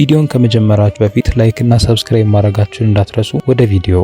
ቪዲዮን ከመጀመራችሁ በፊት ላይክ እና ሰብስክራይብ ማድረጋችሁን እንዳትረሱ። ወደ ቪዲዮ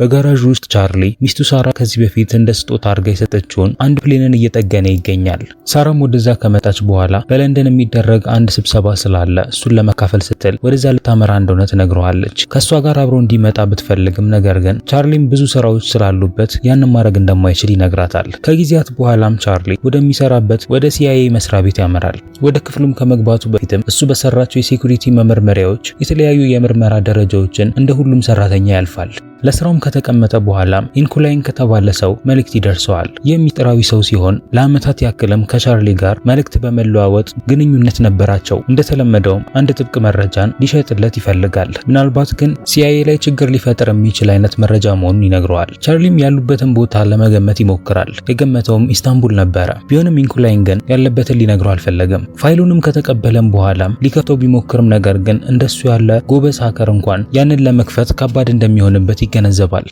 በጋራዥ ውስጥ ቻርሊ ሚስቱ ሳራ ከዚህ በፊት እንደ ስጦታ አድርጋ የሰጠችውን አንድ ፕሌንን እየጠገነ ይገኛል። ሳራም ወደዛ ከመጣች በኋላ በለንደን የሚደረግ አንድ ስብሰባ ስላለ እሱን ለመካፈል ስትል ወደዛ ልታመራ እንደሆነ ትነግረዋለች። ከእሷ ጋር አብሮ እንዲመጣ ብትፈልግም ነገር ግን ቻርሊም ብዙ ስራዎች ስላሉበት ያንን ማድረግ እንደማይችል ይነግራታል። ከጊዜያት በኋላም ቻርሊ ወደሚሰራበት ወደ ሲአይኤ መስሪያ ቤት ያመራል። ወደ ክፍሉም ከመግባቱ በፊትም እሱ በሰራቸው የሴኩሪቲ መመርመሪያዎች የተለያዩ የምርመራ ደረጃዎችን እንደ ሁሉም ሰራተኛ ያልፋል። ለስራውም ከተቀመጠ በኋላ ኢንኩላይን ከተባለ ሰው መልእክት ይደርሰዋል። የሚጥራዊ ሰው ሲሆን ለአመታት ያክልም ከቻርሊ ጋር መልእክት በመለዋወጥ ግንኙነት ነበራቸው። እንደተለመደውም አንድ ጥብቅ መረጃን ሊሸጥለት ይፈልጋል። ምናልባት ግን ሲአይኤ ላይ ችግር ሊፈጥር የሚችል አይነት መረጃ መሆኑን ይነግረዋል። ቻርሊም ያሉበትን ቦታ ለመገመት ይሞክራል። የገመተውም ኢስታንቡል ነበረ። ቢሆንም ኢንኩላይን ግን ያለበትን ሊነግረው አልፈለገም። ፋይሉንም ከተቀበለም በኋላም ሊከፍተው ቢሞክርም ነገር ግን እንደሱ ያለ ጎበዝ ሀከር እንኳን ያንን ለመክፈት ከባድ እንደሚሆንበት ይገነዘባል።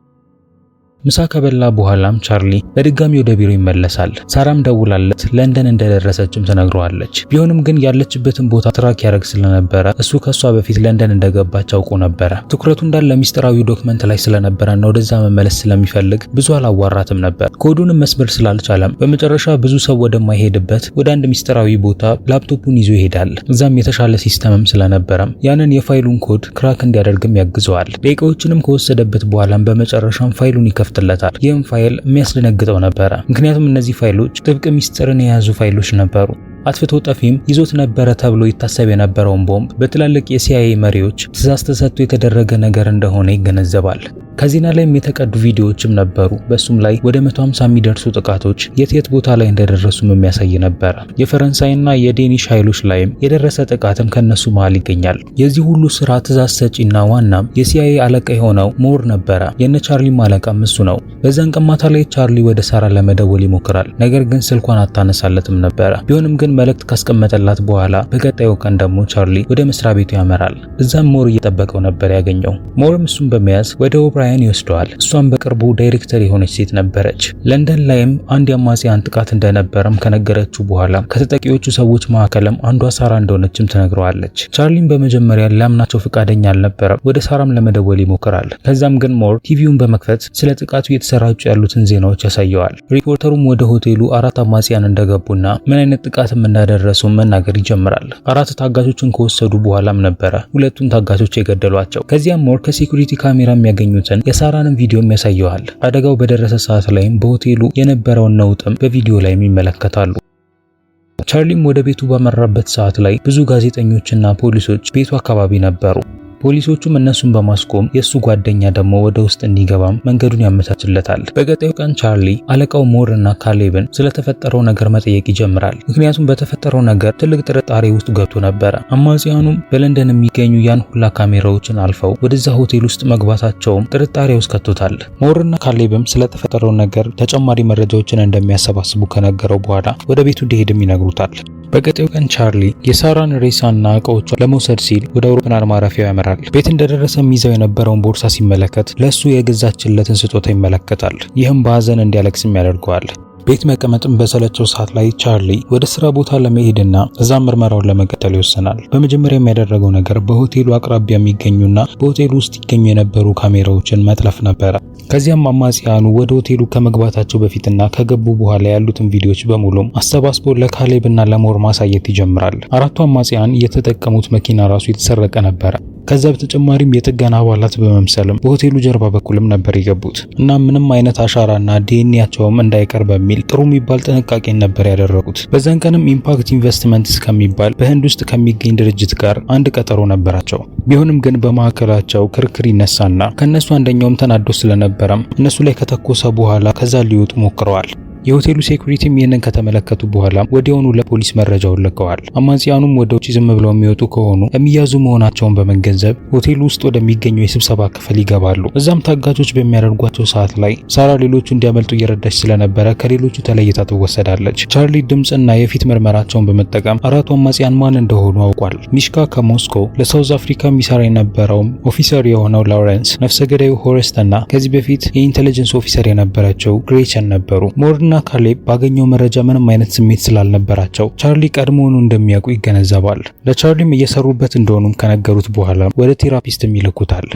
ምሳ ከበላ በኋላም ቻርሊ በድጋሚ ወደ ቢሮ ይመለሳል። ሳራም ደውላለት ለንደን እንደደረሰችም ትነግረዋለች። ቢሆንም ግን ያለችበትን ቦታ ትራክ ያደርግ ስለነበረ እሱ ከሷ በፊት ለንደን እንደገባች አውቆ ነበረ። ትኩረቱ እንዳለ ሚስጥራዊ ዶክመንት ላይ ስለነበረና ወደዛ መመለስ ስለሚፈልግ ብዙ አላዋራትም ነበር። ኮዱንም መስበር ስላልቻለም በመጨረሻ ብዙ ሰው ወደማይሄድበት ወደ አንድ ሚስጥራዊ ቦታ ላፕቶፑን ይዞ ይሄዳል። እዛም የተሻለ ሲስተምም ስለነበረም ያንን የፋይሉን ኮድ ክራክ እንዲያደርግም ያግዘዋል። ደቂቃዎችንም ከወሰደበት በኋላም በመጨረሻም ፋይሉን ይከፍ ይከፍትለታል። ይህም ፋይል የሚያስደነግጠው ነበረ። ምክንያቱም እነዚህ ፋይሎች ጥብቅ ሚስጥርን የያዙ ፋይሎች ነበሩ። አጥፍቶ ጠፊም ይዞት ነበረ ተብሎ ይታሰብ የነበረውን ቦምብ በትላልቅ የሲአይኤ መሪዎች ትእዛዝ ተሰጥቶ የተደረገ ነገር እንደሆነ ይገነዘባል። ከዜና ላይም የተቀዱ ቪዲዮዎችም ነበሩ። በሱም ላይ ወደ 150 የሚደርሱ ጥቃቶች የት የት ቦታ ላይ እንደደረሱም የሚያሳይ ነበረ። የፈረንሳይና የዴኒሽ ኃይሎች ላይም የደረሰ ጥቃትም ከነሱ መሃል ይገኛል። የዚህ ሁሉ ስራ ትእዛዝ ሰጪና ዋናም የሲአይኤ አለቃ የሆነው ሞር ነበረ። የነ ቻርሊም አለቃም እሱ ነው። በዛን ቀማታ ላይ ቻርሊ ወደ ሳራ ለመደወል ይሞክራል። ነገር ግን ስልኳን አታነሳለትም ነበረ። ቢሆንም ግን መልእክት ካስቀመጠላት በኋላ በቀጣዩ ቀን ደግሞ ቻርሊ ወደ መስሪያ ቤቱ ያመራል። እዛም ሞር እየጠበቀው ነበር ያገኘው። ሞርም እሱን በመያዝ ወደ ራያን ይወስደዋል። እሷም በቅርቡ ዳይሬክተር የሆነች ሴት ነበረች። ለንደን ላይም አንድ የአማጽያን ጥቃት እንደነበረም ከነገረችው በኋላ ከተጠቂዎቹ ሰዎች መካከልም አንዷ ሳራ እንደሆነችም ትነግረዋለች። ቻርሊም በመጀመሪያ ሊያምናቸው ፈቃደኛ አልነበረም። ወደ ሳራም ለመደወል ይሞክራል። ከዛም ግን ሞር ቲቪውን በመክፈት ስለ ጥቃቱ የተሰራጩ ያሉትን ዜናዎች ያሳየዋል። ሪፖርተሩም ወደ ሆቴሉ አራት አማጽያን እንደገቡና ምን አይነት ጥቃትም እንዳደረሱ መናገር ይጀምራል። አራት ታጋቾችን ከወሰዱ በኋላም ነበረ ሁለቱን ታጋቾች የገደሏቸው። ከዚያም ሞር ከሴኩሪቲ ካሜራ የሚያገኙት የሚያደርሱትን የሳራንም ቪዲዮም ያሳየዋል። አደጋው በደረሰ ሰዓት ላይም በሆቴሉ የነበረውን ነውጥም በቪዲዮ ላይም ይመለከታሉ። ቻርሊም ወደ ቤቱ ባመራበት ሰዓት ላይ ብዙ ጋዜጠኞችና ፖሊሶች ቤቱ አካባቢ ነበሩ። ፖሊሶቹም እነሱን በማስቆም የእሱ ጓደኛ ደግሞ ወደ ውስጥ እንዲገባም መንገዱን ያመቻችለታል። በቀጣዩ ቀን ቻርሊ አለቃው ሞር እና ካሌብን ስለተፈጠረው ነገር መጠየቅ ይጀምራል። ምክንያቱም በተፈጠረው ነገር ትልቅ ጥርጣሬ ውስጥ ገብቶ ነበረ። አማጽያኑም በለንደን የሚገኙ ያን ሁላ ካሜራዎችን አልፈው ወደዛ ሆቴል ውስጥ መግባታቸውም ጥርጣሬ ውስጥ ከቶታል። ሞርና ካሌብም ስለተፈጠረው ነገር ተጨማሪ መረጃዎችን እንደሚያሰባስቡ ከነገረው በኋላ ወደ ቤቱ እንዲሄድም ይነግሩታል። በቀጣዩ ቀን ቻርሊ የሳራን ሬሳና እቃዎቿ ለመውሰድ ሲል ወደ አውሮፕላን ማረፊያው ያመራል። ይናገራል። ቤት እንደደረሰ ይዘው የነበረውን ቦርሳ ሲመለከት ለእሱ የገዛችለትን ስጦታ ይመለከታል። ይህም በሀዘን እንዲያለቅስም ያደርገዋል። ቤት መቀመጥም በሰለቸው ሰዓት ላይ ቻርሊ ወደ ስራ ቦታ ለመሄድና እዛም ምርመራውን ለመቀጠል ይወስናል። በመጀመሪያ የሚያደረገው ነገር በሆቴሉ አቅራቢያ የሚገኙና በሆቴሉ ውስጥ ይገኙ የነበሩ ካሜራዎችን መጥለፍ ነበረ። ከዚያም አማጽያኑ ወደ ሆቴሉ ከመግባታቸው በፊትና ከገቡ በኋላ ያሉትን ቪዲዮዎች በሙሉም አሰባስቦ ለካሌብና ለሞር ማሳየት ይጀምራል። አራቱ አማጽያን የተጠቀሙት መኪና ራሱ የተሰረቀ ነበረ። ከዛ በተጨማሪም የጥገና አባላት በመምሰልም በሆቴሉ ጀርባ በኩልም ነበር የገቡት እና ምንም አይነት አሻራና ዲኤንኤያቸውም እንዳይቀር በሚል ጥሩ የሚባል ጥንቃቄን ነበር ያደረጉት። በዛን ቀንም ኢምፓክት ኢንቨስትመንትስ ከሚባል በህንድ ውስጥ ከሚገኝ ድርጅት ጋር አንድ ቀጠሮ ነበራቸው። ቢሆንም ግን በመካከላቸው ክርክር ይነሳና ከእነሱ አንደኛውም ተናዶ ስለነበረም እነሱ ላይ ከተኮሰ በኋላ ከዛ ሊወጡ ሞክረዋል። የሆቴሉ ሴኩሪቲም ይህንን ከተመለከቱ በኋላ ወዲያውኑ ለፖሊስ መረጃውን ልከዋል። አማጽያኑም ወደ ውጭ ዝም ብለው የሚወጡ ከሆኑ የሚያዙ መሆናቸውን በመገንዘብ ሆቴሉ ውስጥ ወደሚገኘው የስብሰባ ክፍል ይገባሉ። እዛም ታጋቾች በሚያደርጓቸው ሰዓት ላይ ሳራ ሌሎቹ እንዲያመልጡ እየረዳች ስለነበረ ከሌሎቹ ተለይታ ትወሰዳለች። ቻርሊ ድምፅና የፊት ምርመራቸውን በመጠቀም አራቱ አማጽያን ማን እንደሆኑ አውቋል። ሚሽካ ከሞስኮ ለሳውዝ አፍሪካ የሚሰራ የነበረውም ኦፊሰር የሆነው ላውረንስ፣ ነፍሰ ገዳዩ ሆረስተና ከዚህ በፊት የኢንቴሊጀንስ ኦፊሰር የነበረችው ግሬቸን ነበሩ። ሞርን ጆና ካሌብ ባገኘው መረጃ ምንም አይነት ስሜት ስላልነበራቸው ቻርሊ ቀድሞውኑ እንደሚያውቁ ይገነዘባል። ለቻርሊም እየሰሩበት እንደሆኑም ከነገሩት በኋላ ወደ ቴራፒስትም ይልኩታል።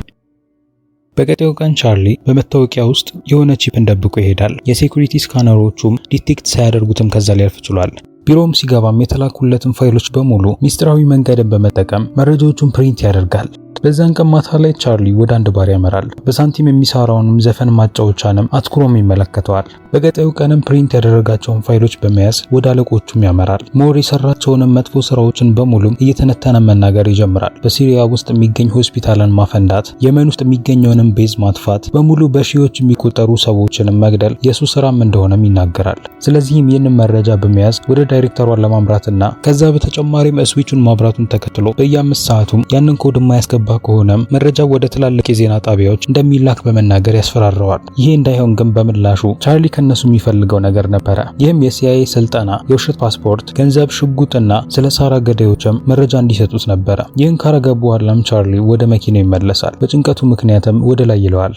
በቀጣዩ ቀን ቻርሊ በመታወቂያ ውስጥ የሆነ ቺፕን ደብቆ ይሄዳል። የሴኩሪቲ ስካነሮቹም ዲቴክት ሳያደርጉትም ከዛ ሊያልፍ ችሏል። ቢሮውም ሲገባም የተላኩለትን ፋይሎች በሙሉ ሚስጥራዊ መንገድን በመጠቀም መረጃዎቹን ፕሪንት ያደርጋል። በዛን ቀን ማታ ላይ ቻርሊ ወደ አንድ ባር ያመራል። በሳንቲም የሚሰራውንም ዘፈን ማጫወቻንም አትኩሮም ይመለከተዋል። በገጣዩ ቀንም ፕሪንት ያደረጋቸውን ፋይሎች በመያዝ ወደ አለቆቹም ያመራል። ሞር የሰራቸውንም መጥፎ ስራዎችን በሙሉም እየተነተነ መናገር ይጀምራል። በሲሪያ ውስጥ የሚገኝ ሆስፒታልን ማፈንዳት፣ የመን ውስጥ የሚገኘውንም ቤዝ ማጥፋት፣ በሙሉ በሺዎች የሚቆጠሩ ሰዎችንም መግደል የሱ ስራም እንደሆነም ይናገራል። ስለዚህም ይህንን መረጃ በመያዝ ወደ ዳይሬክተሯን ለማምራትና ከዛ በተጨማሪም እስዊቹን ማብራቱን ተከትሎ በየአምስት ሰዓቱም ያንን ኮድ የማያስገባ ከሆነም መረጃ ወደ ትላልቅ የዜና ጣቢያዎች እንደሚላክ በመናገር ያስፈራረዋል። ይሄ እንዳይሆን ግን በምላሹ ቻርሊ ከእነሱ የሚፈልገው ነገር ነበረ። ይህም የሲአይኤ ስልጠና፣ የውሸት ፓስፖርት፣ ገንዘብ፣ ሽጉጥና ስለ ሳራ ገዳዮችም መረጃ እንዲሰጡት ነበረ። ይህን ካረገ በኋላም ቻርሊ ወደ መኪናው ይመለሳል። በጭንቀቱ ምክንያትም ወደ ላይ ይለዋል።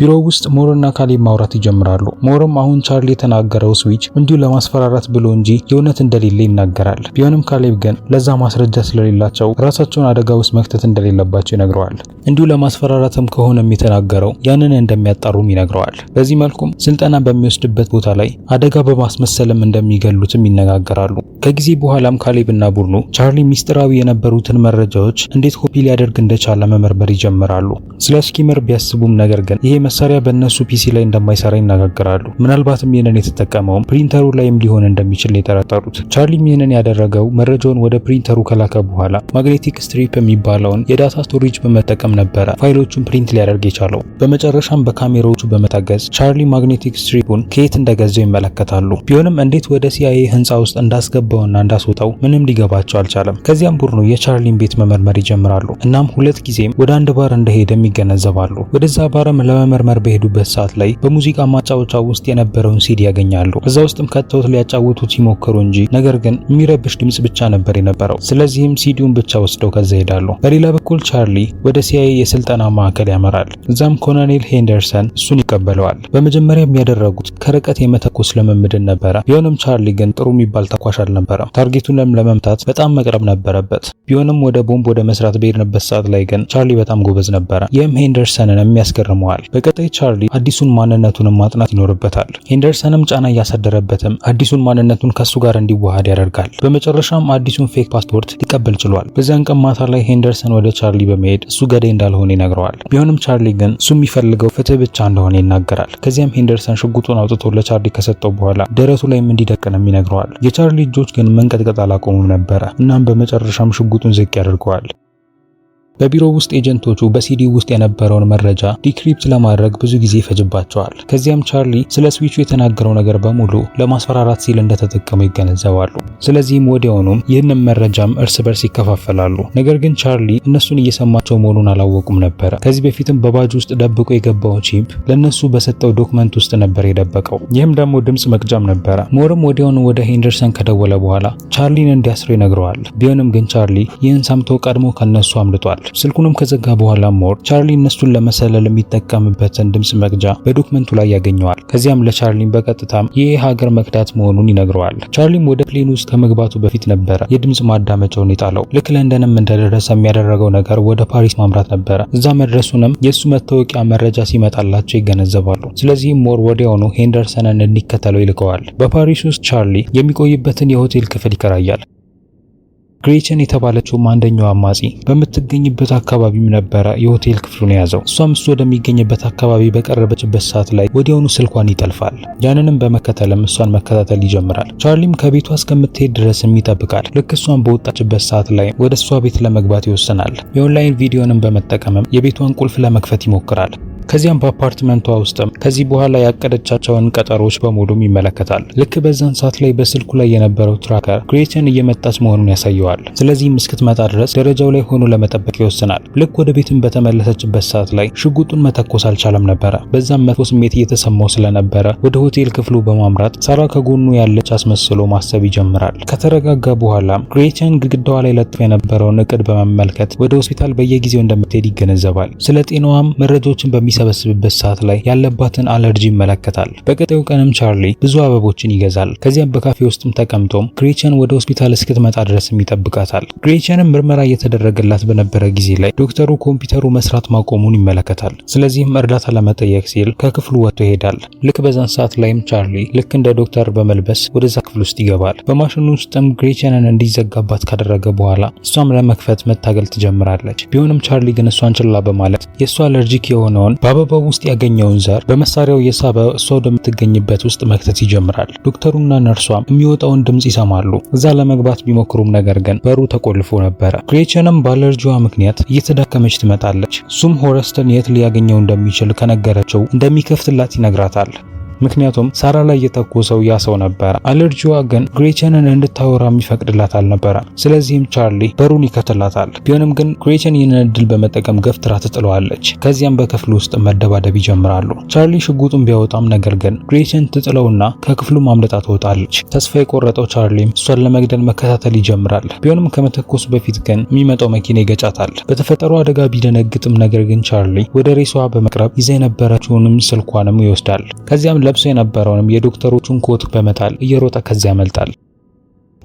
ቢሮ ውስጥ ሞርና ካሌብ ማውራት ይጀምራሉ። ሞርም አሁን ቻርሊ የተናገረው ስዊች እንዲሁ ለማስፈራራት ብሎ እንጂ የእውነት እንደሌለ ይናገራል። ቢሆንም ካሌብ ግን ለዛ ማስረጃ ስለሌላቸው ራሳቸውን አደጋ ውስጥ መክተት እንደሌለባቸው ይነግረዋል። እንዲሁ ለማስፈራራትም ከሆነም የተናገረው ያንን እንደሚያጣሩም ይነግረዋል። በዚህ መልኩም ስልጠና በሚወስድበት ቦታ ላይ አደጋ በማስመሰልም እንደሚገሉትም ይነጋገራሉ። ከጊዜ በኋላም ካሌብና ቡድኑ ቻርሊ ሚስጥራዊ የነበሩትን መረጃዎች እንዴት ኮፒ ሊያደርግ እንደቻለ መመርመር ይጀምራሉ። ስለ ስኪመር ቢያስቡም ነገር ግን ይሄ መሳሪያ በእነሱ ፒሲ ላይ እንደማይሰራ ይነጋገራሉ። ምናልባትም ይህንን የተጠቀመውም ፕሪንተሩ ላይም ሊሆን እንደሚችል ነው የጠረጠሩት። ቻርሊም ይህንን ያደረገው መረጃውን ወደ ፕሪንተሩ ከላከ በኋላ ማግኔቲክ ስትሪፕ የሚባለውን የዳታ ስቶሬጅ በመጠቀም ነበረ ፋይሎቹን ፕሪንት ሊያደርግ የቻለው። በመጨረሻም በካሜራዎቹ በመታገዝ ቻርሊ ማግኔቲክ ስትሪፑን ከየት እንደገዛው ይመለከታሉ። ቢሆንም እንዴት ወደ ሲአይኤ ህንፃ ውስጥ እንዳስገባውና እንዳስወጣው ምንም ሊገባቸው አልቻለም። ከዚያም ቡድኑ የቻርሊን ቤት መመርመር ይጀምራሉ። እናም ሁለት ጊዜም ወደ አንድ ባር እንደሄደም ይገነዘባሉ። ወደዛ ባርም ለመመ ለመመርመር በሄዱበት ሰዓት ላይ በሙዚቃ ማጫወቻ ውስጥ የነበረውን ሲዲ ያገኛሉ። እዛ ውስጥም ከተውት ሊያጫውቱት ሲሞክሩ እንጂ ነገር ግን የሚረብሽ ድምጽ ብቻ ነበር የነበረው። ስለዚህም ሲዲውን ብቻ ወስደው ከዛ ይሄዳሉ። በሌላ በኩል ቻርሊ ወደ ሲአይኤ የስልጠና ማዕከል ያመራል። እዛም ኮሎኔል ሄንደርሰን እሱን ይቀበለዋል። በመጀመሪያ የሚያደረጉት ከርቀት የመተኮስ ልምምድን ነበረ። ቢሆንም ቻርሊ ግን ጥሩ የሚባል ተኳሽ አልነበረም። ታርጌቱንም ለመምታት በጣም መቅረብ ነበረበት። ቢሆንም ወደ ቦምብ ወደ መስራት በሄድንበት ሰዓት ላይ ግን ቻርሊ በጣም ጎበዝ ነበረ። ይህም ሄንደርሰንን የሚያስገርመዋል። በቀጣይ ቻርሊ አዲሱን ማንነቱንም ማጥናት ይኖርበታል። ሄንደርሰንም ጫና እያሳደረበትም አዲሱን ማንነቱን ከሱ ጋር እንዲዋሃድ ያደርጋል። በመጨረሻም አዲሱን ፌክ ፓስፖርት ሊቀበል ችሏል። በዚያን ቀን ማታ ላይ ሄንደርሰን ወደ ቻርሊ በመሄድ እሱ ገዳይ እንዳልሆነ ይነግረዋል። ቢሆንም ቻርሊ ግን እሱ የሚፈልገው ፍትህ ብቻ እንደሆነ ይናገራል። ከዚያም ሄንደርሰን ሽጉጡን አውጥቶ ለቻርሊ ከሰጠው በኋላ ደረቱ ላይም እንዲደቅንም ይነግረዋል። የቻርሊ እጆች ግን መንቀጥቀጥ አላቆሙም ነበረ። እናም በመጨረሻም ሽጉጡን ዝቅ ያደርገዋል። በቢሮ ውስጥ ኤጀንቶቹ በሲዲ ውስጥ የነበረውን መረጃ ዲክሪፕት ለማድረግ ብዙ ጊዜ ይፈጅባቸዋል። ከዚያም ቻርሊ ስለ ስዊቹ የተናገረው ነገር በሙሉ ለማስፈራራት ሲል እንደተጠቀሙ ይገነዘባሉ። ስለዚህም ወዲያውኑም ይህንን መረጃም እርስ በርስ ይከፋፈላሉ። ነገር ግን ቻርሊ እነሱን እየሰማቸው መሆኑን አላወቁም ነበረ። ከዚህ በፊትም በባጅ ውስጥ ደብቆ የገባው ቺፕ ለእነሱ በሰጠው ዶክመንት ውስጥ ነበር የደበቀው። ይህም ደግሞ ድምፅ መቅጃም ነበረ። ሞርም ወዲያውኑ ወደ ሄንደርሰን ከደወለ በኋላ ቻርሊን እንዲያስሩ ይነግረዋል። ቢሆንም ግን ቻርሊ ይህን ሰምቶ ቀድሞ ከነሱ አምልጧል። ስልኩንም ከዘጋ በኋላ ሞር ቻርሊ እነሱን ለመሰለል የሚጠቀምበትን ድምፅ መግጃ በዶክመንቱ ላይ ያገኘዋል። ከዚያም ለቻርሊን በቀጥታም ይህ ሀገር መክዳት መሆኑን ይነግረዋል። ቻርሊም ወደ ፕሌን ውስጥ ከመግባቱ በፊት ነበረ የድምፅ ማዳመጫውን የጣለው። ልክ ለንደንም እንደደረሰ የሚያደረገው ነገር ወደ ፓሪስ ማምራት ነበረ። እዛ መድረሱንም የእሱ መታወቂያ መረጃ ሲመጣላቸው ይገነዘባሉ። ስለዚህም ሞር ወዲያውኑ ሄንደርሰንን እንዲከተለው ይልከዋል። በፓሪስ ውስጥ ቻርሊ የሚቆይበትን የሆቴል ክፍል ይከራያል። ግሬቸን የተባለችውም አንደኛው አማጺ በምትገኝበት አካባቢም ነበረ የሆቴል ክፍሉን የያዘው። እሷም እሱ ወደሚገኝበት አካባቢ በቀረበችበት ሰዓት ላይ ወዲያውኑ ስልኳን ይጠልፋል። ያንንም በመከተልም እሷን መከታተል ይጀምራል። ቻርሊም ከቤቷ እስከምትሄድ ድረስም ይጠብቃል። ልክ እሷን በወጣችበት ሰዓት ላይ ወደ እሷ ቤት ለመግባት ይወስናል። የኦንላይን ቪዲዮንም በመጠቀምም የቤቷን ቁልፍ ለመክፈት ይሞክራል። ከዚያም በአፓርትመንቷ ውስጥም ከዚህ በኋላ ያቀደቻቸውን ቀጠሮች በሙሉም ይመለከታል። ልክ በዛን ሰዓት ላይ በስልኩ ላይ የነበረው ትራከር ግሬቲን እየመጣች መሆኑን ያሳየዋል። ስለዚህም እስክትመጣ ድረስ ደረጃው ላይ ሆኖ ለመጠበቅ ይወስናል። ልክ ወደ ቤትም በተመለሰችበት ሰዓት ላይ ሽጉጡን መተኮስ አልቻለም ነበረ። በዛም መጥፎ ስሜት እየተሰማው ስለነበረ ወደ ሆቴል ክፍሉ በማምራት ሳራ ከጎኑ ያለች አስመስሎ ማሰብ ይጀምራል። ከተረጋጋ በኋላ ግሬቲን ግድግዳዋ ላይ ለጥፎ የነበረውን እቅድ በመመልከት ወደ ሆስፒታል በየጊዜው እንደምትሄድ ይገነዘባል። ስለ ጤናዋም መረጃዎችን በሚ በሚሰበስብበት ሰዓት ላይ ያለባትን አለርጂ ይመለከታል። በቀጣዩ ቀንም ቻርሊ ብዙ አበቦችን ይገዛል። ከዚያም በካፌ ውስጥም ተቀምጦም ግሬቸን ወደ ሆስፒታል እስክትመጣ ድረስም ይጠብቃታል። ግሬቸንም ምርመራ እየተደረገላት በነበረ ጊዜ ላይ ዶክተሩ ኮምፒውተሩ መስራት ማቆሙን ይመለከታል። ስለዚህም እርዳታ ለመጠየቅ ሲል ከክፍሉ ወጥቶ ይሄዳል። ልክ በዛን ሰዓት ላይም ቻርሊ ልክ እንደ ዶክተር በመልበስ ወደዛ ክፍል ውስጥ ይገባል። በማሽኑ ውስጥም ግሬቸንን እንዲዘጋባት ካደረገ በኋላ እሷም ለመክፈት መታገል ትጀምራለች። ቢሆንም ቻርሊ ግን እሷን ችላ በማለት የእሷ አለርጂክ የሆነውን በአበባው ውስጥ ያገኘውን ዘር በመሳሪያው የሳበ እሷ ወደምትገኝበት ውስጥ መክተት ይጀምራል። ዶክተሩና ነርሷም የሚወጣውን ድምፅ ይሰማሉ። እዛ ለመግባት ቢሞክሩም ነገር ግን በሩ ተቆልፎ ነበረ። ክሬቸንም ባለርጂዋ ምክንያት እየተዳከመች ትመጣለች። እሱም ሆረስተን የት ሊያገኘው እንደሚችል ከነገረችው እንደሚከፍትላት ይነግራታል። ምክንያቱም ሳራ ላይ የተኮሰው ያ ሰው ነበረ። አለርጂዋ ግን ግሬቸንን እንድታወራ የሚፈቅድላት አልነበረ። ስለዚህም ቻርሊ በሩን ይከትላታል። ቢሆንም ግን ግሬቸን ይህንን እድል በመጠቀም ገፍትራ ትጥለዋለች። ከዚያም በክፍሉ ውስጥ መደባደብ ይጀምራሉ። ቻርሊ ሽጉጡን ቢያወጣም ነገር ግን ግሬቸን ትጥለውና ከክፍሉ ማምለጣ ትወጣለች። ተስፋ የቆረጠው ቻርሊም እሷን ለመግደል መከታተል ይጀምራል። ቢሆንም ከመተኮሱ በፊት ግን የሚመጣው መኪና ይገጫታል። በተፈጠሩ አደጋ ቢደነግጥም ነገር ግን ቻርሊ ወደ ሬሷ በመቅረብ ይዛ የነበረችውንም ስልኳንም ይወስዳል። ከዚያም ለብሶ የነበረውንም የዶክተሮቹን ኮት በመጣል እየሮጠ ከዚያ ያመልጣል።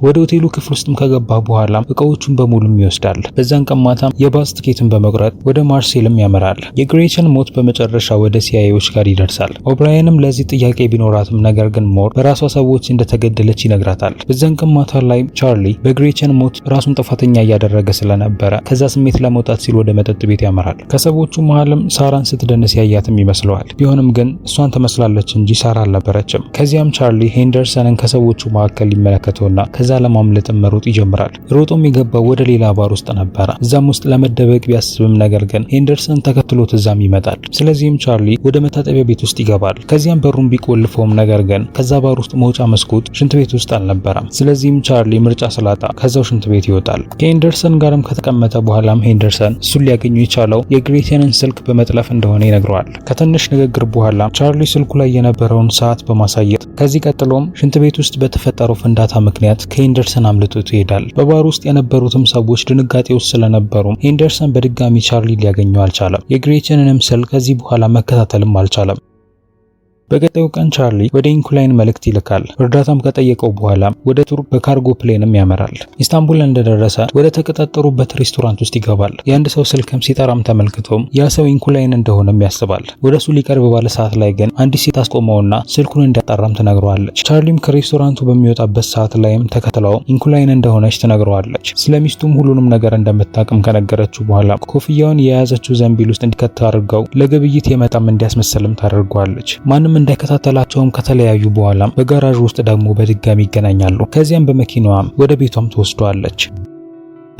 ወደ ሆቴሉ ክፍል ውስጥም ከገባ በኋላ እቃዎቹን በሙሉም ይወስዳል። በዛን ቀን ማታም የባስ ትኬትን በመቁረጥ ወደ ማርሴልም ያመራል። የግሬቸን ሞት በመጨረሻ ወደ ሲአይዎች ጋር ይደርሳል። ኦብራየንም ለዚህ ጥያቄ ቢኖራትም ነገር ግን ሞር በራሷ ሰዎች እንደተገደለች ይነግራታል። በዛን ቀን ማታ ላይ ቻርሊ በግሬቸን ሞት ራሱን ጥፋተኛ እያደረገ ስለነበረ ከዛ ስሜት ለመውጣት ሲል ወደ መጠጥ ቤት ያመራል። ከሰዎቹ መሃልም ሳራን ስትደንስ ያያትም ይመስለዋል። ቢሆንም ግን እሷን ትመስላለች እንጂ ሳራ አልነበረችም። ከዚያም ቻርሊ ሄንደርሰንን ከሰዎቹ መካከል ይመለከተውና ከዛ ከዛ ለማምለጥ መሮጥ ይጀምራል። ሮጦም የገባው ወደ ሌላ ባር ውስጥ ነበረ። እዛም ውስጥ ለመደበቅ ቢያስብም ነገር ግን ሄንደርሰን ተከትሎት እዛም ይመጣል። ስለዚህም ቻርሊ ወደ መታጠቢያ ቤት ውስጥ ይገባል። ከዚያም በሩን ቢቆልፈውም ነገር ግን ከዛ ባር ውስጥ መውጫ መስኮት ሽንት ቤት ውስጥ አልነበረም። ስለዚህም ቻርሊ ምርጫ ስላጣ ከዛው ሽንት ቤት ይወጣል። ከሄንደርሰን ጋርም ከተቀመጠ በኋላም ሄንደርሰን እሱን ሊያገኙ የቻለው የግሬቲያንን ስልክ በመጥለፍ እንደሆነ ይነግረዋል። ከትንሽ ንግግር በኋላ ቻርሊ ስልኩ ላይ የነበረውን ሰዓት በማሳየት ከዚህ ቀጥሎም ሽንት ቤት ውስጥ በተፈጠረው ፍንዳታ ምክንያት ሄንደርሰን አምልጦት ይሄዳል። በባር ውስጥ የነበሩትም ሰዎች ድንጋጤ ውስጥ ስለነበሩም ሄንደርሰን በድጋሚ ቻርሊ ሊያገኘው አልቻለም። የግሬቸንንም ስል ከዚህ በኋላ መከታተልም አልቻለም። በቀጣዩ ቀን ቻርሊ ወደ ኢንኩላይን መልእክት ይልካል። እርዳታም ከጠየቀው በኋላ ወደ ቱርክ በካርጎ ፕሌንም ያመራል። ኢስታንቡል እንደደረሰ ወደ ተቀጣጠሩበት ሬስቶራንት ውስጥ ይገባል። የአንድ ሰው ስልክም ሲጠራም ተመልክቶም ያ ሰው ኢንኩላይን እንደሆነም ያስባል። ወደሱ ሊቀርብ ባለ ሰዓት ላይ ግን አንዲት ሴት አስቆመውና ስልኩን እንዲያጣራም ትነግረዋለች። ቻርሊም ከሬስቶራንቱ በሚወጣበት ሰዓት ላይም ተከትለው ኢንኩላይን እንደሆነች ትነግረዋለች። ስለሚስቱም ሁሉንም ነገር እንደምታቅም ከነገረችው በኋላ ኮፍያውን የያዘችው ዘንቢል ውስጥ እንዲከት አድርገው ለግብይት የመጣም እንዲያስመስልም ታደርገዋለች። ማንም እንዳይከታተላቸውም ከተለያዩ በኋላም በጋራዥ ውስጥ ደግሞ በድጋሚ ይገናኛሉ። ከዚያም በመኪናዋም ወደ ቤቷም ትወስደዋለች።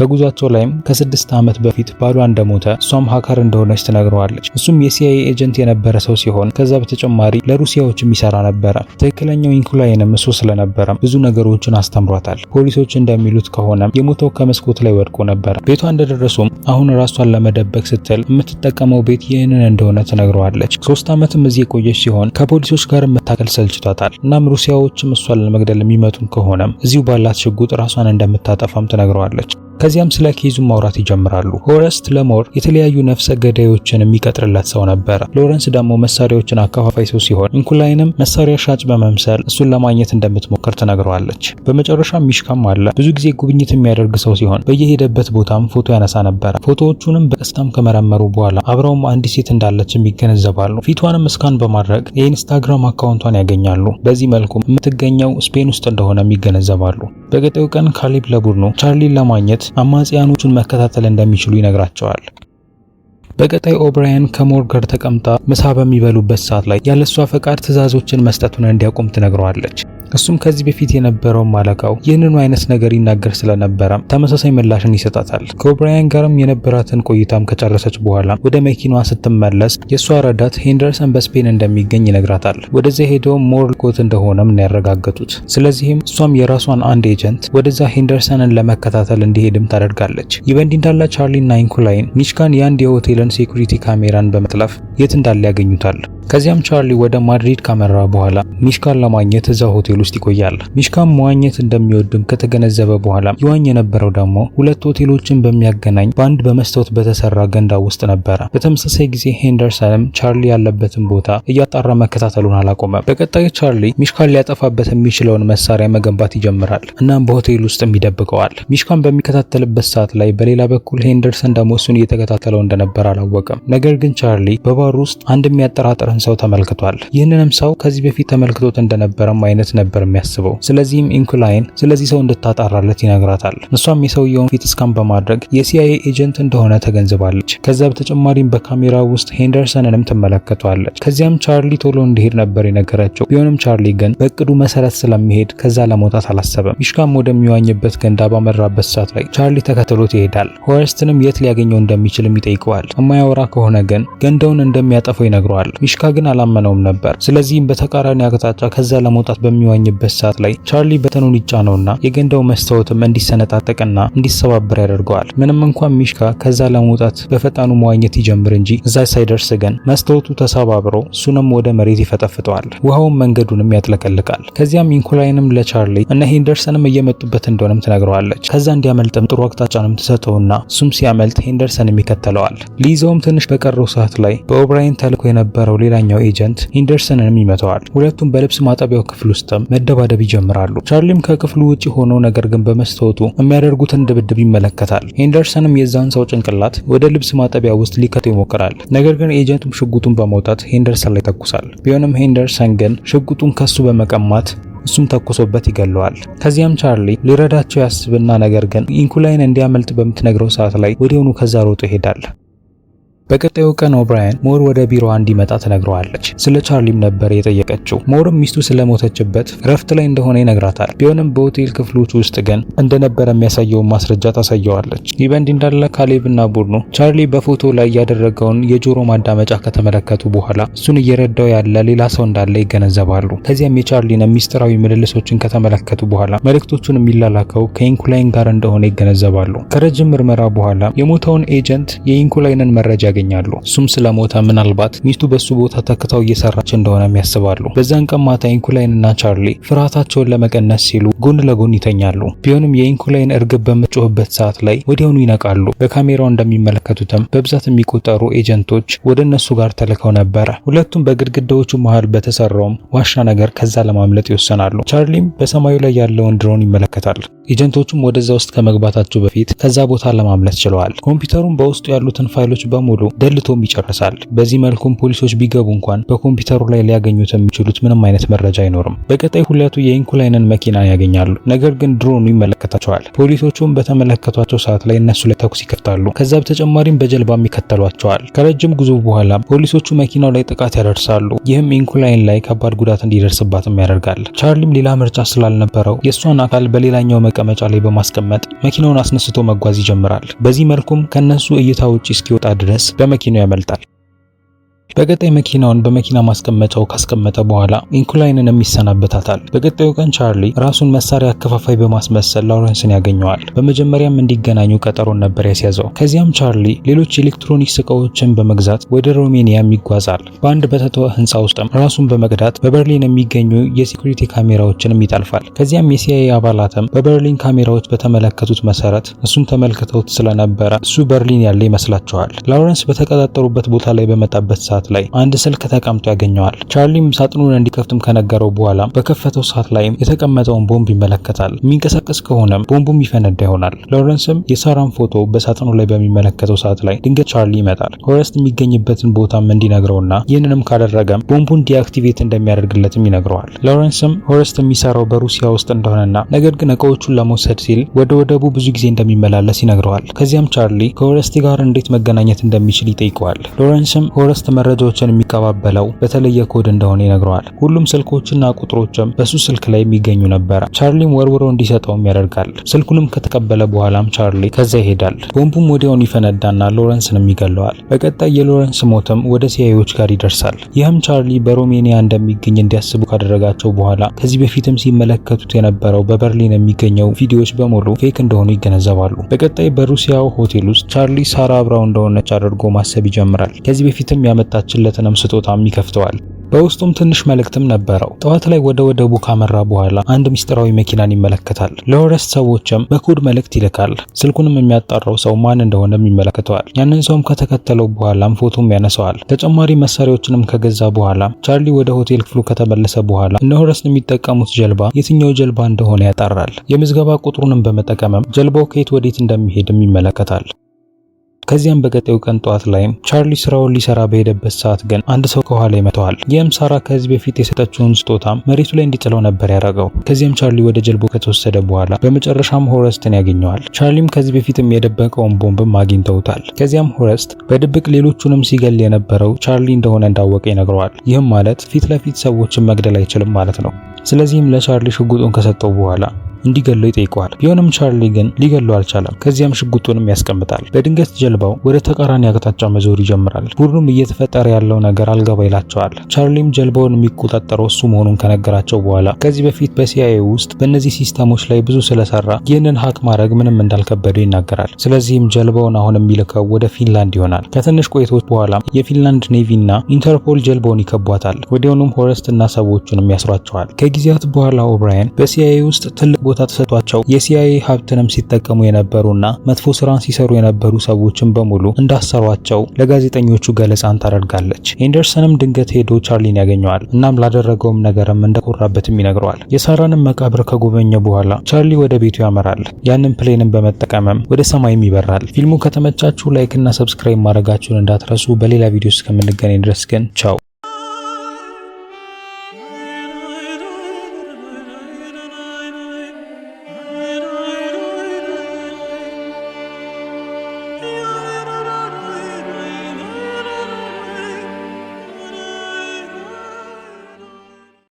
በጉዟቸው ላይም ከስድስት ዓመት በፊት ባሏ እንደሞተ እሷም ሀከር እንደሆነች ትነግረዋለች። እሱም የሲአይኤ ኤጀንት የነበረ ሰው ሲሆን ከዛ በተጨማሪ ለሩሲያዎች የሚሰራ ነበረ። ትክክለኛው ኢንኩላይንም እሱ ስለነበረ ብዙ ነገሮችን አስተምሯታል። ፖሊሶች እንደሚሉት ከሆነ የሞተው ከመስኮት ላይ ወድቆ ነበረ። ቤቷ እንደደረሱም አሁን ራሷን ለመደበቅ ስትል የምትጠቀመው ቤት ይህንን እንደሆነ ትነግረዋለች። ሶስት ዓመትም እዚህ የቆየች ሲሆን ከፖሊሶች ጋር መታቀል ሰልችቷታል። እናም ሩሲያዎችም እሷን ለመግደል የሚመጡም ከሆነም እዚሁ ባላት ሽጉጥ ራሷን እንደምታጠፋም ትነግረዋለች። ከዚያም ስለ ኬዙ ማውራት ይጀምራሉ። ሆረስት ለሞር የተለያዩ ነፍሰ ገዳዮችን የሚቀጥርለት ሰው ነበር ሎረንስ ደግሞ መሳሪያዎችን አካፋፋይ ሰው ሲሆን እንኩላይንም መሳሪያ ሻጭ በመምሰል እሱን ለማግኘት እንደምትሞክር ትነግረዋለች። በመጨረሻ ሚሽካም አለ። ብዙ ጊዜ ጉብኝት የሚያደርግ ሰው ሲሆን በየሄደበት ቦታም ፎቶ ያነሳ ነበር። ፎቶዎቹንም በቀስታም ከመረመሩ በኋላ አብረውም አንዲት ሴት እንዳለችም ይገነዘባሉ። ፊቷንም እስካን በማድረግ የኢንስታግራም አካውንቷን ያገኛሉ። በዚህ መልኩ የምትገኘው ስፔን ውስጥ እንደሆነም ይገነዘባሉ። በገጠው ቀን ካሊብ ለቡድኑ ቻርሊን ለማግኘት አማጽያኖቹን መከታተል እንደሚችሉ ይነግራቸዋል። በቀጣይ ኦብራያን ከሞር ጋር ተቀምጣ ምሳ በሚበሉበት ሰዓት ላይ ያለሷ ፈቃድ ትዕዛዞችን መስጠቱን እንዲያቆም ትነግረዋለች። እሱም ከዚህ በፊት የነበረውም አለቃው ይህንኑ አይነት ነገር ይናገር ስለነበረም ተመሳሳይ ምላሽን ይሰጣታል። ከኦብራያን ጋርም የነበራትን ቆይታም ከጨረሰች በኋላ ወደ መኪናዋ ስትመለስ የእሷ ረዳት ሄንደርሰን በስፔን እንደሚገኝ ይነግራታል። ወደዚያ ሄደው ሞርኮት እንደሆነም ነው ያረጋገጡት። ስለዚህም እሷም የራሷን አንድ ኤጀንት ወደዛ ሄንደርሰንን ለመከታተል እንዲሄድም ታደርጋለች። ይህ በእንዲህ እንዳለ ቻርሊና ኢንኩላይን ሚሽካን የአንድ የሆቴልን ሴኩሪቲ ካሜራን በመጥለፍ የት እንዳለ ያገኙታል። ከዚያም ቻርሊ ወደ ማድሪድ ካመራ በኋላ ሚሽካን ለማግኘት እዛ ሆቴል ሆቴል ውስጥ ይቆያል። ሚሽካም መዋኘት እንደሚወድም ከተገነዘበ በኋላ ይዋኝ የነበረው ደግሞ ሁለት ሆቴሎችን በሚያገናኝ በአንድ በመስታወት በተሰራ ገንዳ ውስጥ ነበረ። በተመሳሳይ ጊዜ ሄንደርሰንም ቻርሊ ያለበትን ቦታ እያጣራ መከታተሉን አላቆመም። በቀጣይ ቻርሊ ሚሽካን ሊያጠፋበት የሚችለውን መሳሪያ መገንባት ይጀምራል። እናም በሆቴል ውስጥም ይደብቀዋል። ሚሽካን በሚከታተልበት ሰዓት ላይ በሌላ በኩል ሄንደርሰን ደግሞ እሱን እየተከታተለው እንደነበር አላወቅም። ነገር ግን ቻርሊ በባር ውስጥ አንድ የሚያጠራጥርን ሰው ተመልክቷል። ይህንንም ሰው ከዚህ በፊት ተመልክቶት እንደነበረም አይነት ነበር ነበር የሚያስበው። ስለዚህም ኢንኩላይን ስለዚህ ሰው እንድታጣራለት ይነግራታል። እሷም የሰውየውን ፊት እስካን በማድረግ የሲአይኤ ኤጀንት እንደሆነ ተገንዝባለች። ከዛ በተጨማሪም በካሜራ ውስጥ ሄንደርሰንንም ትመለከተዋለች። ከዚያም ቻርሊ ቶሎ እንዲሄድ ነበር የነገረችው። ቢሆንም ቻርሊ ግን በእቅዱ መሰረት ስለሚሄድ ከዛ ለመውጣት አላሰበም። ሚሽካም ወደሚዋኝበት ገንዳ ባመራበት ሰዓት ላይ ቻርሊ ተከትሎት ይሄዳል። ሆረስትንም የት ሊያገኘው እንደሚችልም ይጠይቀዋል። የማያወራ ከሆነ ግን ገንዳውን እንደሚያጠፈው ይነግረዋል። ሚሽካ ግን አላመነውም ነበር። ስለዚህም በተቃራኒ አቅጣጫ ከዛ ለመውጣት በሚ በሚዋኝበት ሰዓት ላይ ቻርሊ በተኑን ይጫነውና የገንዳው መስታወትም እንዲሰነጣጠቅና እንዲሰባበር ያደርገዋል። ምንም እንኳን ሚሽካ ከዛ ለመውጣት በፈጣኑ መዋኘት ይጀምር እንጂ እዛ ሳይደርስ ግን መስታወቱ ተሰባብሮ እሱንም ወደ መሬት ይፈጠፍጠዋል። ውሃውን መንገዱንም ያጥለቀልቃል። ከዚያም ኢንኮላይንም ለቻርሊ እነ ሄንደርሰንም እየመጡበት እንደሆነም ትነግረዋለች። ከዛ እንዲያመልጥም ጥሩ አቅጣጫንም ትሰጠውና እሱም ሲያመልጥ ሄንደርሰንም ይከተለዋል። ሊይዘውም ትንሽ በቀረው ሰዓት ላይ በኦብራይን ተልኮ የነበረው ሌላኛው ኤጀንት ሄንደርሰንንም ይመተዋል። ሁለቱም በልብስ ማጠቢያው ክፍል ውስጥ በመጠቀም መደባደብ ይጀምራሉ። ቻርሊም ከክፍሉ ውጪ ሆኖ ነገር ግን በመስታወቱ የሚያደርጉትን ድብድብ ይመለከታል። ሄንደርሰንም የዛን ሰው ጭንቅላት ወደ ልብስ ማጠቢያ ውስጥ ሊከተ ይሞክራል። ነገር ግን ኤጀንቱም ሽጉጡን በማውጣት ሄንደርሰን ላይ ተኩሳል። ቢሆንም ሄንደርሰን ግን ሽጉጡን ከሱ በመቀማት እሱም ተኩሶበት ይገለዋል። ከዚያም ቻርሊ ሊረዳቸው ያስብና ነገር ግን ኢንኩላይን እንዲያመልጥ በምትነግረው ሰዓት ላይ ወዲያውኑ ከዛ ሮጦ ይሄዳል። በቀጣዩ ቀን ኦብራያን ሞር ወደ ቢሮዋ እንዲመጣ ትነግረዋለች። ስለ ቻርሊም ነበር የጠየቀችው። ሞርም ሚስቱ ስለሞተችበት ረፍት ላይ እንደሆነ ይነግራታል። ቢሆንም በሆቴል ክፍሎች ውስጥ ግን እንደነበረ የሚያሳየውን ማስረጃ ታሳየዋለች። ይህ በእንዲህ እንዳለ ካሌብና ቡድኑ ቻርሊ በፎቶ ላይ ያደረገውን የጆሮ ማዳመጫ ከተመለከቱ በኋላ እሱን እየረዳው ያለ ሌላ ሰው እንዳለ ይገነዘባሉ። ከዚያም የቻርሊን ሚስጥራዊ ምልልሶችን ከተመለከቱ በኋላ መልእክቶቹን የሚላላከው ከኢንኩላይን ጋር እንደሆነ ይገነዘባሉ። ከረጅም ምርመራ በኋላ የሞተውን ኤጀንት የኢንኩላይንን መረጃ ያገኛሉ። እሱም ስለሞተ ምናልባት ሚስቱ በሱ ቦታ ተክታው እየሰራች እንደሆነም ያስባሉ። በዛን ቀን ማታ ኢንኩላይን እና ቻርሊ ፍርሃታቸውን ለመቀነስ ሲሉ ጎን ለጎን ይተኛሉ። ቢሆንም የኢንኩላይን እርግብ በምትጮህበት ሰዓት ላይ ወዲያውኑ ይነቃሉ። በካሜራው እንደሚመለከቱትም በብዛት የሚቆጠሩ ኤጀንቶች ወደ እነሱ ጋር ተልከው ነበረ። ሁለቱም በግድግዳዎቹ መሃል በተሰራውም ዋሻ ነገር ከዛ ለማምለጥ ይወሰናሉ። ቻርሊም በሰማዩ ላይ ያለውን ድሮን ይመለከታል። ኤጀንቶቹም ወደዛ ውስጥ ከመግባታቸው በፊት ከዛ ቦታ ለማምለጥ ችለዋል። ኮምፒውተሩም በውስጡ ያሉትን ፋይሎች በሙሉ ደልቶም ይጨርሳል። በዚህ መልኩም ፖሊሶች ቢገቡ እንኳን በኮምፒውተሩ ላይ ሊያገኙት የሚችሉት ምንም አይነት መረጃ አይኖርም። በቀጣይ ሁለቱ የኢንኩላይንን መኪና ያገኛሉ። ነገር ግን ድሮኑ ይመለከታቸዋል። ፖሊሶቹም በተመለከቷቸው ሰዓት ላይ እነሱ ላይ ተኩስ ይከፍታሉ። ከዛ በተጨማሪም በጀልባም ይከተሏቸዋል። ከረጅም ጉዞ በኋላ ፖሊሶቹ መኪናው ላይ ጥቃት ያደርሳሉ። ይህም ኢንኩላይን ላይ ከባድ ጉዳት እንዲደርስባትም ያደርጋል። ቻርሊም ሌላ ምርጫ ስላልነበረው የእሷን አካል በሌላኛው መቀመጫ ላይ በማስቀመጥ መኪናውን አስነስቶ መጓዝ ይጀምራል። በዚህ መልኩም ከነሱ እይታ ውጪ እስኪወጣ ድረስ በመኪናው ያመልጣል። በቀጣይ መኪናውን በመኪና ማስቀመጫው ካስቀመጠ በኋላ ኢንኩላይንንም ይሰናበታታል። በቀጣዩ ቀን ቻርሊ ራሱን መሳሪያ አከፋፋይ በማስመሰል ላውረንስን ያገኘዋል። በመጀመሪያም እንዲገናኙ ቀጠሮን ነበር ያስያዘው። ከዚያም ቻርሊ ሌሎች ኤሌክትሮኒክስ እቃዎችን በመግዛት ወደ ሮሜኒያም ይጓዛል። በአንድ በተተወ ህንፃ ውስጥም ራሱን በመቅዳት በበርሊን የሚገኙ የሴኩሪቲ ካሜራዎችንም ይጠልፋል። ከዚያም የሲአይኤ አባላትም በበርሊን ካሜራዎች በተመለከቱት መሰረት እሱን ተመልክተውት ስለነበረ እሱ በርሊን ያለ ይመስላቸዋል። ላውረንስ በተቀጣጠሩበት ቦታ ላይ በመጣበት ሰዓት ሰዓት ላይ አንድ ስልክ ተቀምጦ ያገኘዋል። ቻርሊም ሳጥኑን እንዲከፍትም ከነገረው በኋላ በከፈተው ሰዓት ላይም የተቀመጠውን ቦምብ ይመለከታል። የሚንቀሳቀስ ከሆነም ቦምቡም ይፈነዳ ይሆናል። ሎረንስም የሳራን ፎቶ በሳጥኑ ላይ በሚመለከተው ሰዓት ላይ ድንገት ቻርሊ ይመጣል። ሆረስት የሚገኝበትን ቦታም እንዲነግረውና ይህንንም ካደረገም ቦምቡን ዲአክቲቬት እንደሚያደርግለትም ይነግረዋል። ሎረንስም ሆረስት የሚሰራው በሩሲያ ውስጥ እንደሆነና ነገር ግን እቃዎቹን ለመውሰድ ሲል ወደ ወደቡ ብዙ ጊዜ እንደሚመላለስ ይነግረዋል። ከዚያም ቻርሊ ከሆረስት ጋር እንዴት መገናኘት እንደሚችል ይጠይቀዋል። ሎረንስም ሆረስት መረ መረጃዎችን የሚቀባበለው በተለየ ኮድ እንደሆነ ይነግረዋል። ሁሉም ስልኮችና ቁጥሮችም በሱ ስልክ ላይ የሚገኙ ነበረ። ቻርሊም ወርውሮ እንዲሰጠውም ያደርጋል። ስልኩንም ከተቀበለ በኋላም ቻርሊ ከዛ ይሄዳል። ቦምቡም ወዲያውን ይፈነዳና ሎረንስንም ይገለዋል። በቀጣይ የሎረንስ ሞትም ወደ ሲያዮች ጋር ይደርሳል። ይህም ቻርሊ በሮሜኒያ እንደሚገኝ እንዲያስቡ ካደረጋቸው በኋላ ከዚህ በፊትም ሲመለከቱት የነበረው በበርሊን የሚገኘው ቪዲዮዎች በሙሉ ፌክ እንደሆኑ ይገነዘባሉ። በቀጣይ በሩሲያው ሆቴል ውስጥ ቻርሊ ሳራ አብራው እንደሆነች አድርጎ ማሰብ ይጀምራል። ከዚህ በፊትም ያመጣ የተመቻችለትንም ስጦታም ይከፍተዋል። በውስጡም ትንሽ መልእክትም ነበረው። ጠዋት ላይ ወደ ወደቡ ካመራ በኋላ አንድ ምስጥራዊ መኪናን ይመለከታል። ለወረስ ሰዎችም በኮድ መልእክት ይልካል። ስልኩንም የሚያጣራው ሰው ማን እንደሆነም ይመለከተዋል። ያንን ሰውም ከተከተለው በኋላም ፎቶም ያነሳዋል። ተጨማሪ መሳሪያዎችንም ከገዛ በኋላ ቻርሊ ወደ ሆቴል ክፍሉ ከተመለሰ በኋላ እነ ሆረስ የሚጠቀሙት ጀልባ የትኛው ጀልባ እንደሆነ ያጣራል። የምዝገባ ቁጥሩንም በመጠቀምም ጀልባው ከየት ወዴት እንደሚሄድም ይመለከታል። ከዚያም በቀጣዩ ቀን ጠዋት ላይም ቻርሊ ስራውን ሊሰራ በሄደበት ሰዓት ግን አንድ ሰው ከኋላ ይመታዋል። ይህም ሳራ ከዚህ በፊት የሰጠችውን ስጦታም መሬቱ ላይ እንዲጥለው ነበር ያደረገው። ከዚያም ቻርሊ ወደ ጀልቦ ከተወሰደ በኋላ በመጨረሻም ሆረስትን ያገኘዋል። ቻርሊም ከዚህ በፊትም የደበቀውን ቦምብም አግኝተውታል። ከዚያም ሆረስት በድብቅ ሌሎቹንም ሲገል የነበረው ቻርሊ እንደሆነ እንዳወቀ ይነግረዋል። ይህም ማለት ፊት ለፊት ሰዎችን መግደል አይችልም ማለት ነው። ስለዚህም ለቻርሊ ሽጉጡን ከሰጠው በኋላ እንዲገለው ይጠይቀዋል። ቢሆንም ቻርሊ ግን ሊገለው አልቻለም። ከዚያም ሽጉጡንም ያስቀምጣል። በድንገት ጀልባው ወደ ተቃራኒ አቅጣጫ መዞር ይጀምራል። ቡድኑም እየተፈጠረ ያለው ነገር አልገባ ይላቸዋል። ቻርሊም ጀልባውን የሚቆጣጠረው እሱ መሆኑን ከነገራቸው በኋላ ከዚህ በፊት በሲአይኤ ውስጥ በእነዚህ ሲስተሞች ላይ ብዙ ስለሰራ ይህንን ሀክ ማድረግ ምንም እንዳልከበደው ይናገራል። ስለዚህም ጀልባውን አሁን የሚልከው ወደ ፊንላንድ ይሆናል። ከትንሽ ቆይቶች በኋላ የፊንላንድ ኔቪ እና ኢንተርፖል ጀልባውን ይከቧታል። ወዲያውኑም ሆረስት እና ሰዎቹንም ያስሯቸዋል። ከጊዜያት በኋላ ኦብራየን በሲአይኤ ውስጥ ትልቅ ቦታ ተሰጥቷቸው የሲአይኤ ሀብትንም ሲጠቀሙ የነበሩና መጥፎ ስራን ሲሰሩ የነበሩ ሰዎችን በሙሉ እንዳሰሯቸው ለጋዜጠኞቹ ገለጻን ታደርጋለች። ሄንደርሰንም ድንገት ሄዶ ቻርሊን ያገኘዋል። እናም ላደረገውም ነገርም እንደኮራበትም ይነግረዋል። የሳራንም መቃብር ከጎበኘ በኋላ ቻርሊ ወደ ቤቱ ያመራል። ያንን ፕሌንም በመጠቀምም ወደ ሰማይም ይበራል። ፊልሙ ከተመቻችሁ ላይክ ሰብስክራይብ ማድረጋችሁን እንዳትረሱ። በሌላ ቪዲዮ እስከምንገናኝ ድረስ ግን ቻው።